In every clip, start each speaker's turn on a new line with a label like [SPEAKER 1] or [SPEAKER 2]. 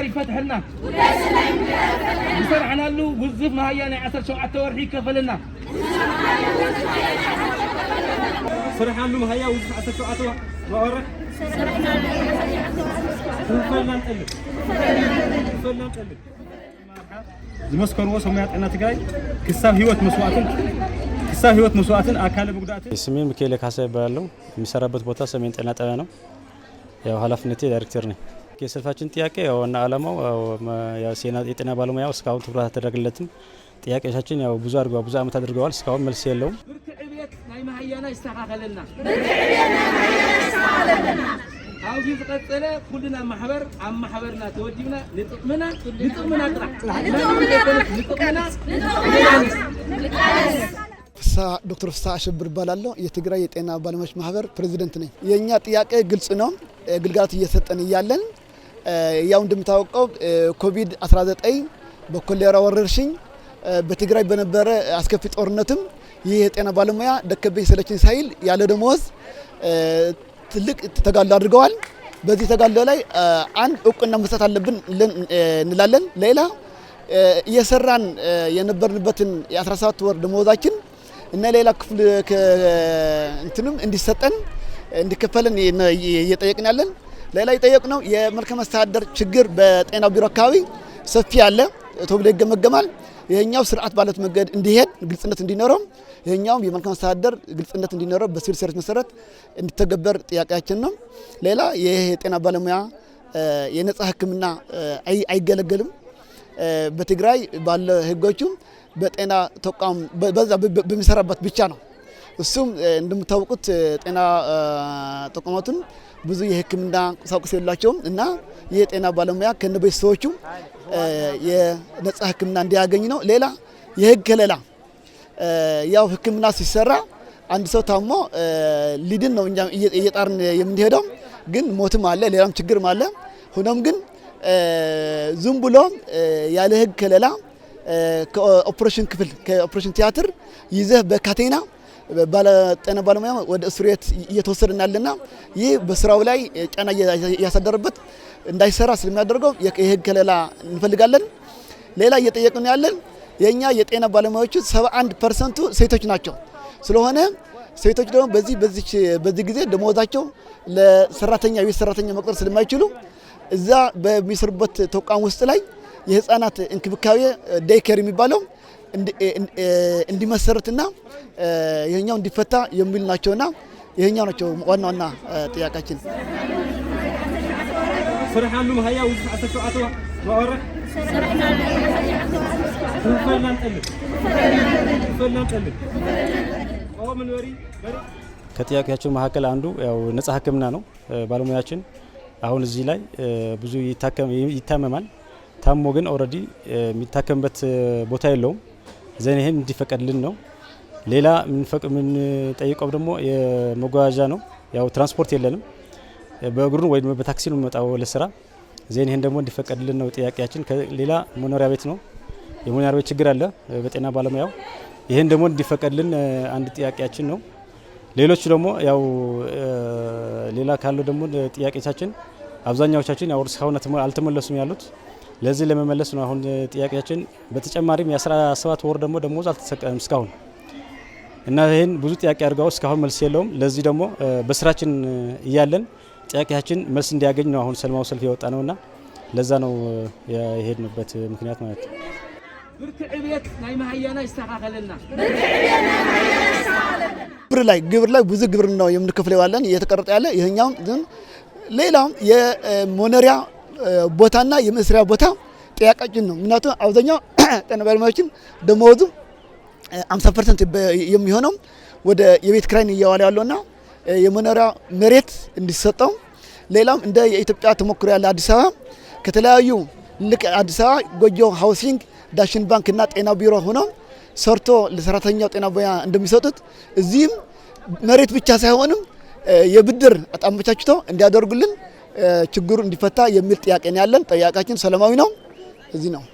[SPEAKER 1] دار يفتحلنا وسرع على له وزف مهيانا عسر شو عتور حي كفلنا سرع على له مهيا وزف عسر شو عتور ما ورا زمسكر وصل مئات أنا تجاي كسب هيوت مسواتن كسب هيوت مسواتن أكل بقداتي
[SPEAKER 2] اسمي مكيل كاسة بالو مسربت بوتا سمين أنا تبعنا يا هلا فنتي دايركتورني የሰልፋችን ጥያቄ ዋና አላማው የጤና ባለሙያው እስካሁን ትኩረት አልተደረገለትም። ጥያቄዎቻችን ያው ብዙ አድርገዋል፣ ብዙ አመት አድርገዋል፣ እስካሁን መልስ የለውም።
[SPEAKER 1] ኣብዚ ዝቀፀለ ኩልና ማሕበር ኣብ ማሕበርና ተወዲብና
[SPEAKER 3] ጥራሕ ዶክተር ፍሳ አሸብር እባላለሁ። የትግራይ የጤና ባለሙያዎች ማህበር ፕሬዚደንት ነኝ። የእኛ ጥያቄ ግልጽ ነው። ግልጋሎት እየሰጠን እያለን ያው እንደምታወቀው ኮቪድ-19 በኮሌራ ወረርሽኝ በትግራይ በነበረ አስከፊ ጦርነትም ይህ የጤና ባለሙያ ደከመኝ ሰለቸኝ ሳይል ያለ ደሞዝ ትልቅ ተጋድሎ አድርገዋል። በዚህ ተጋድሎ ላይ አንድ እውቅና መስጠት አለብን እንላለን። ሌላ እየሰራን የነበርንበትን የ17 ወር ደሞዛችን እና ሌላ ክፍል እንትንም እንዲሰጠን እንዲከፈለን እየጠየቅን ያለን ሌላ የጠየቅነው የመልካም መስተዳደር ችግር በጤናው ቢሮ አካባቢ ሰፊ ያለ ተብሎ ይገመገማል። ይህኛው ስርዓት ባለት መንገድ እንዲሄድ ግልጽነት እንዲኖረው ይህኛውም የመልካም አስተዳደር ግልጽነት እንዲኖረው በሲቪል ሰርቪስ መሰረት እንዲተገበር ጥያቄያችን ነው። ሌላ ይህ የጤና ባለሙያ የነጻ ሕክምና አይገለገልም። በትግራይ ባለ ህጎቹ በጤና ተቋም በዛ በሚሰራበት ብቻ ነው። እሱም እንደምታውቁት ጤና ተቋማቱን ብዙ የሕክምና ቁሳቁስ የላቸውም እና ይህ የጤና ባለሙያ ከነ ቤተሰቦቹ የነጻ ሕክምና እንዲያገኝ ነው። ሌላ የህግ ከለላ ያው ሕክምና ሲሰራ አንድ ሰው ታሞ ሊድን ነው እኛ እየጣርን የምንሄደው፣ ግን ሞትም አለ ሌላም ችግርም አለ። ሆኖም ግን ዝም ብሎ ያለ ህግ ከለላ ከኦፕሬሽን ክፍል ከኦፕሬሽን ቲያትር ይዘህ በካቴና ባለጤና ባለሙያ ወደ እስር ቤት እየተወሰድን ይህ በስራው ላይ ጫና እያሳደረበት እንዳይሰራ ስለሚያደርገው የህግ ከለላ እንፈልጋለን። ሌላ እየጠየቅን ያለን የእኛ የጤና ባለሙያዎቹ 71 ፐርሰንቱ ሴቶች ናቸው። ስለሆነ ሴቶች ደግሞ በዚህ በዚህ ጊዜ ደሞዛቸው ለሰራተኛ ቤት ሰራተኛ መቅጠር ስለማይችሉ እዛ በሚሰሩበት ተቋም ውስጥ ላይ የህፃናት እንክብካቤ ኬር የሚባለው እንዲመሰርትና ይህኛው እንዲፈታ የሚል ናቸውና ይህኛው ናቸው ዋና ዋና ጥያቄያችን።
[SPEAKER 2] ከጥያቄያቸው መካከል አንዱ ያው ነጻ ሕክምና ነው። ባለሙያችን አሁን እዚህ ላይ ብዙ ይታመማል። ታሞ ግን ኦልሬዲ የሚታከምበት ቦታ የለውም። ዘን ይህን እንዲፈቀድልን ነው። ሌላ የምንጠይቀው ደግሞ የመጓዣ ነው። ያው ትራንስፖርት የለንም። በእግሩ ወይም በታክሲ ነው የምንመጣው ለስራ። ዜን ይህን ደግሞ እንዲፈቀድልን ነው ጥያቄያችን። ሌላ መኖሪያ ቤት ነው። የመኖሪያ ቤት ችግር አለ በጤና ባለሙያው። ይህን ደግሞ እንዲፈቀድልን አንድ ጥያቄያችን ነው። ሌሎች ደግሞ ያው ሌላ ካለው ደግሞ ጥያቄቻችን አብዛኛዎቻችን ያው እስካሁን አልተመለሱም ያሉት ለዚህ ለመመለስ ነው አሁን ጥያቄያችን። በተጨማሪም የ17 ወር ደግሞ ደሞዝ አልተሰጠንም እስካሁን እና ይህን ብዙ ጥያቄ አድርገው እስካሁን መልስ የለውም። ለዚህ ደግሞ በስራችን እያለን ጥያቄያችን መልስ እንዲያገኝ ነው አሁን ሰልማዊ ሰልፍ የወጣ ነውና ለዛ ነው የሄድንበት ምክንያት ማለት ነው።
[SPEAKER 3] ግብር ላይ ግብር ላይ ብዙ ግብር ነው የምንከፍለው ያለን እየተቀረጠ ያለ ይህኛውም ሌላም የሞኖሪያ ቦታና የመስሪያ ቦታ ጥያቄያችን ነው። ምክንያቱም አብዛኛው ጤና ባለሙያዎችን ደመወዙ አምሳ ፐርሰንት የሚሆነው ወደ የቤት ክራይን እያዋለ ያለውና የመኖሪያ መሬት እንዲሰጠው ሌላም እንደ የኢትዮጵያ ተሞክሮ ያለ አዲስ አበባ ከተለያዩ ልክ አዲስ አበባ ጎጆ ሃውሲንግ፣ ዳሽን ባንክ እና ጤና ቢሮ ሆነው ሰርቶ ለሰራተኛው ጤና ቦያ እንደሚሰጡት እዚህም መሬት ብቻ ሳይሆንም የብድር አጣመቻችተው እንዲያደርጉልን ችግሩ እንዲፈታ የሚል ጥያቄ ነው ያለን። ጠያቃችን ሰላማዊ ነው። እዚህ ነው።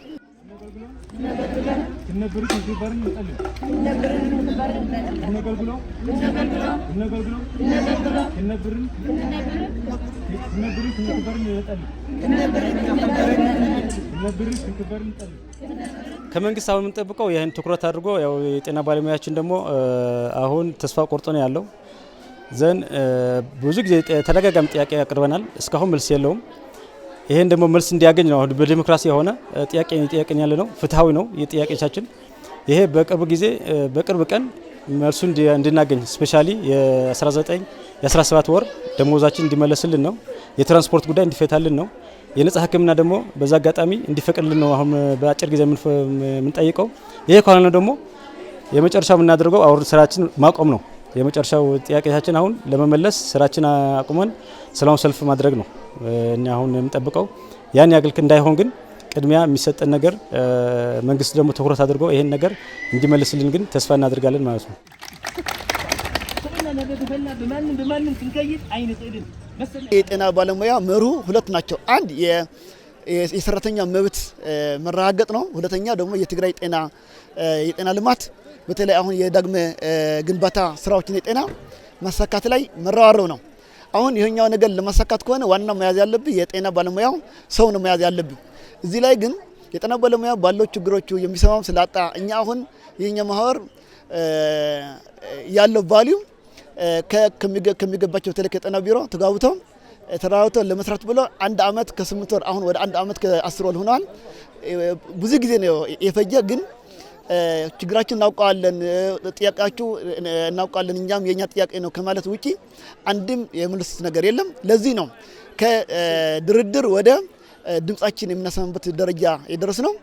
[SPEAKER 2] ከመንግስት አሁን የምንጠብቀው ይህን ትኩረት አድርጎ ያው የጤና ባለሙያችን ደግሞ አሁን ተስፋ ቆርጦ ነው ያለው ዘን ብዙ ጊዜ ተደጋጋሚ ጥያቄ ያቅርበናል። እስካሁን መልስ የለውም። ይሄን ደግሞ መልስ እንዲያገኝ ነው። በዲሞክራሲ የሆነ ጥያቄ እየጠየቅን ያለ ነው። ፍትሐዊ ነው የጥያቄቻችን። ይሄ በቅርብ ጊዜ በቅርብ ቀን መልሱ እንድናገኝ ስፔሻሊ የ19 የ17 ወር ደሞዛችን እንዲመለስልን ነው። የትራንስፖርት ጉዳይ እንዲፈታልን ነው። የነጻ ሕክምና ደግሞ በዛ አጋጣሚ እንዲፈቅድልን ነው። አሁን በአጭር ጊዜ የምንጠይቀው ይሄ ከሆነ ደግሞ የመጨረሻ የምናደርገው አሁን ስራችን ማቆም ነው። የመጨረሻው ጥያቄያችን አሁን ለመመለስ ስራችን አቁመን ሰላማዊ ሰልፍ ማድረግ ነው። እኛ አሁን የምንጠብቀው ያን ያክል እንዳይሆን ግን ቅድሚያ የሚሰጠን ነገር መንግስት ደግሞ ትኩረት አድርጎ ይሄን ነገር እንዲመልስልን ግን ተስፋ እናደርጋለን ማለት ነው።
[SPEAKER 3] የጤና ባለሙያ መሩ ሁለት ናቸው። አንድ የሰራተኛ መብት መረጋገጥ ነው። ሁለተኛ ደግሞ የትግራይ ጤና የጤና ልማት በተለይ አሁን የዳግመ ግንባታ ስራዎችን የጤና መሰካት ላይ መረባረብ ነው። አሁን ይህኛው ነገር ለማሳካት ከሆነ ዋናው መያዝ ያለብህ የጤና ባለሙያው ሰው ነው መያዝ ያለብህ። እዚህ ላይ ግን የጤና ባለሙያ ባለው ችግሮቹ የሚሰማም ስላጣ እኛ አሁን የኛ ማህበር ያለው ቫሊዩ ከሚገባቸው በተለይ ከጤና ቢሮ ተጋብቶ ተራራውተው ለመስራት ብሎ አንድ አመት ከስምንት ወር አሁን ወደ አንድ አመት ከአስር ወር ሆኗል። ብዙ ጊዜ ነው የፈጀ ግን ችግራችን እናውቀዋለን፣ ጥያቄያችሁ እናውቀዋለን፣ እኛም የእኛ ጥያቄ ነው ከማለት ውጪ አንድም የምልስ ነገር የለም። ለዚህ ነው ከድርድር ወደ ድምጻችን የምናሰማበት ደረጃ የደረስ ነው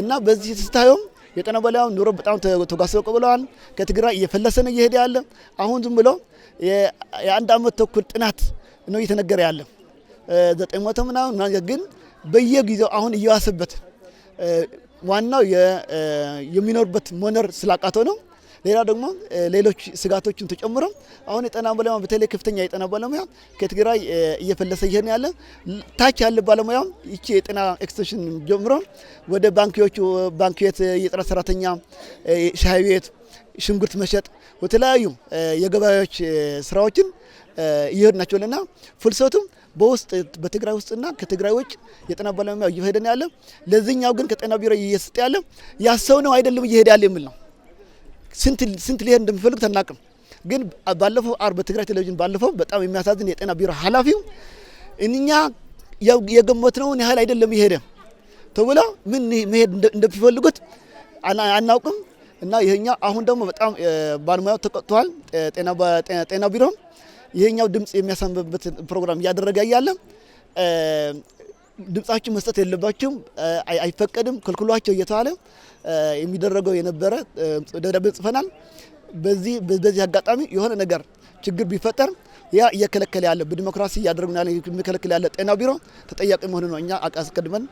[SPEAKER 3] እና በዚህ ስታየውም የቀን በላዩ ኑሮ በጣም ተጓስበቀ ብለዋል። ከትግራይ እየፈለሰ ነው እየሄደ ያለ። አሁን ዝም ብሎ የአንድ አመት ተኩል ጥናት ነው እየተነገረ ያለ ዘጠኝ መቶ ምናምን ግን በየጊዜው አሁን እየዋሰበት ዋናው የሚኖርበት መኖር ስላቃተው ነው። ሌላ ደግሞ ሌሎች ስጋቶችን ተጨምሮ አሁን የጤና ባለሙያ በተለይ ከፍተኛ የጤና ባለሙያ ከትግራይ እየፈለሰ ይሄን ያለ ታች ያለ ባለሙያ ይቺ የጤና ኤክስቴንሽን ጀምሮ ወደ ባንኪዎቹ ቤት የጥራት ሰራተኛ፣ ሻይ ቤት፣ ሽንኩርት መሸጥ የተለያዩ የገበያዎች ስራዎችን እየሄድ ናቸውልና ፍልሰቱም በውስጥ በትግራይ ውስጥና ከትግራይ ውጭ የጤና ባለሙያ እየሄደ ነው ያለ። ለዚህኛው ግን ከጤና ቢሮ እየሰጠ ያለ ያሰው ነው አይደለም እየሄደ ያለ የሚል ነው። ስንት ሊሄድ እንደሚፈልጉት አናቅም። ግን ባለፈው አር በትግራይ ቴሌቪዥን ባለፈው በጣም የሚያሳዝን የጤና ቢሮ ኃላፊው እኛ የገመትነውን ያህል አይደለም ይሄደ ተብሎ ምን መሄድ እንደሚፈልጉት አናውቅም። እና ይሄኛ አሁን ደግሞ በጣም ባለሙያው ተቆጥቷል ጤና ቢሮም ይሄኛው ድምፅ የሚያሰምብበት ፕሮግራም እያደረገ እያለ ድምጻችሁ መስጠት የለባችሁም፣ አይፈቀድም፣ ከልክሏቸው እየተባለ የሚደረገው የነበረ ደብዳቤ ጽፈናል። በዚህ በዚህ አጋጣሚ የሆነ ነገር ችግር ቢፈጠር ያ እየከለከለ ያለ በዲሞክራሲ እያደረግን ያለ የሚከለከል ያለ ጤና ቢሮ ተጠያቂ መሆኑ ነው እኛ አስቀድመን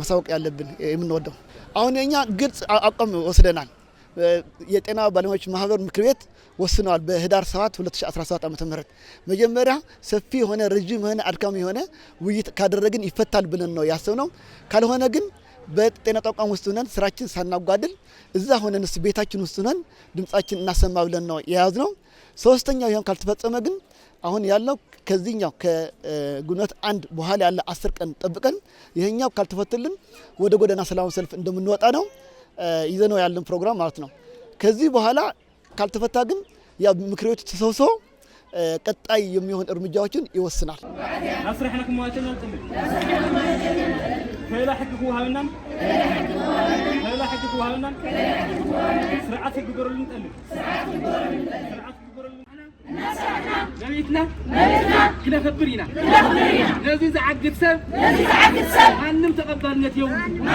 [SPEAKER 3] ማሳወቅ ያለብን የምንወደው። አሁን የኛ ግልጽ አቋም ወስደናል። የጤና ባለሙያዎች ማህበር ምክር ቤት ወስነዋል። በህዳር 7 2017 ዓ ም መጀመሪያ ሰፊ የሆነ ረዥም የሆነ አድካሚ የሆነ ውይይት ካደረግን ይፈታል ብለን ነው ያሰብነው። ካልሆነ ግን በጤና ተቋም ውስጥ ሆነን ስራችን ሳናጓድል እዛ ሆነን ስ ቤታችን ውስጥ ሆነን ድምጻችን እናሰማ ብለን ነው የያዝነው። ሶስተኛው ይሆን ካልተፈጸመ ግን አሁን ያለው ከዚህኛው ከግንቦት አንድ በኋላ ያለ አስር ቀን ጠብቀን ይህኛው ካልተፈትልን ወደ ጎዳና ሰላማዊ ሰልፍ እንደምንወጣ ነው። ነው ያለን ፕሮግራም ማለት ነው። ከዚህ በኋላ ካልተፈታ ግን ያ ምክር ቤቱ ተሰብስቦ ቀጣይ የሚሆን እርምጃዎችን ይወስናል።
[SPEAKER 1] ክነከብር ኢና ነዚ ዝዓግድ ሰብ ማንም ተቀባልነት የውሉ